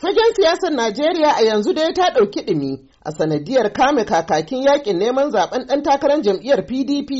Fagen siyasar Najeriya a yanzu dai ta ɗauki ɗumi a sanadiyar kame kakakin yakin neman zaben ɗan takarar jam'iyyar PDP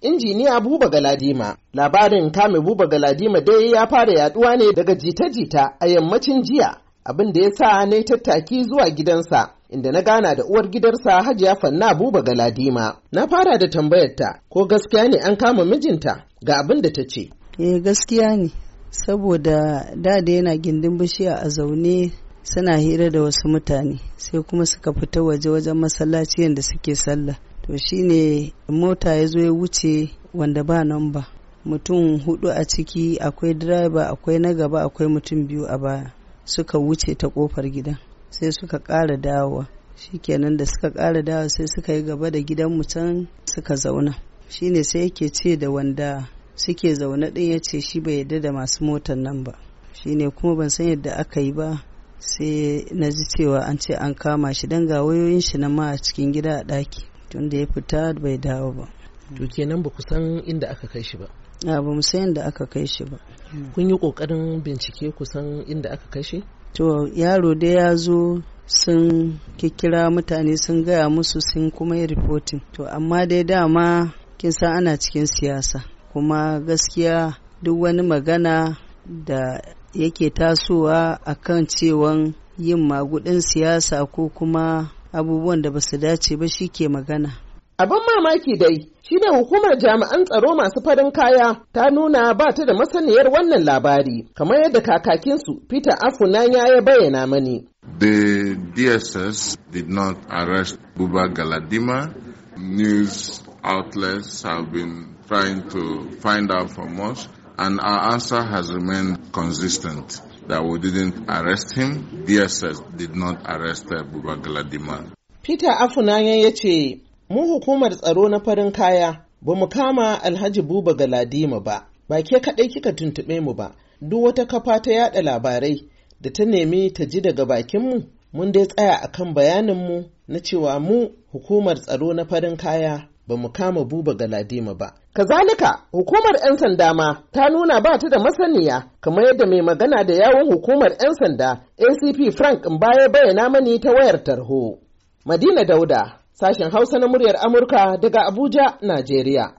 injiniya Buba Galadima. Labarin kame Buba Galadima dai ya fara yaduwa ne daga jita-jita a yammacin jiya abin da ya sa na tattaki zuwa gidansa inda na gana da uwar gidarsa hajiya fanna buba galadima na fara da tambayarta ko gaskiya ne an kama mijinta ga abin da ta ce eh gaskiya ne saboda da da yana gindin bishiya a zaune suna hira da wasu mutane sai kuma suka fita waje wajen masallaci da suke sallah to shine mota ya zo ya wuce wanda ba nan ba, mutum hudu a ciki akwai direba akwai na gaba akwai mutum biyu a baya suka wuce ta kofar gidan sai suka ƙara dawowa shikenan da suka ƙara dawowa sai suka yi gaba da gidan mutum suka zauna shine sai yake ce da wanda suke zaune din ya ce shi bai yarda da masu motar nan ba shine kuma ban san yadda aka yi ba sai na ji cewa an ce an kama shi don ga wayoyin shi na ma a cikin gida a ɗaki tun da ya fita bai dawo ba to kenan ba ku san inda aka kai shi ba a ba mu san inda aka kai shi ba kun yi kokarin bincike ku san inda aka kai shi to yaro dai ya zo sun kikkira mutane sun gaya musu sun kuma yi rifotin to amma dai dama kin san ana cikin siyasa kuma gaskiya duk wani magana da yake tasowa a kan cewan yin magudin siyasa ko kuma abubuwan da ba su dace ba shi ke magana. Abin mamaki dai shine hukumar jami'an tsaro masu farin kaya ta nuna ba ta da masaniyar wannan labari kamar yadda kakakinsu Peter Afunanya ya bayyana mani. The DSS did not arrest Buba Galadima. News outlets have been trying to find out from us. And our answer has remained consistent that we didn't arrest him. DSS did not arrest Bubagala Galadima. Peter Afunanya ya ce, Mu hukumar tsaro na farin kaya ba mu kama Alhaji Buba Galadima ba, ba ke kaɗai kika tuntuɓe mu ba, duk wata kafa ta yaɗa labarai da ta nemi ta ji daga bakinmu, mun dai tsaya a akan bayaninmu na cewa mu hukumar tsaro na farin kaya ba mu kama buba galadima ba. Kazalika hukumar 'yan sanda ma ta nuna ba ta da masaniya kamar yadda mai magana da yawon hukumar 'yan sanda ACP Frank in baya bayyana mani ta wayar tarho. Madina Dauda, sashen Hausa na muryar Amurka daga Abuja, Najeriya.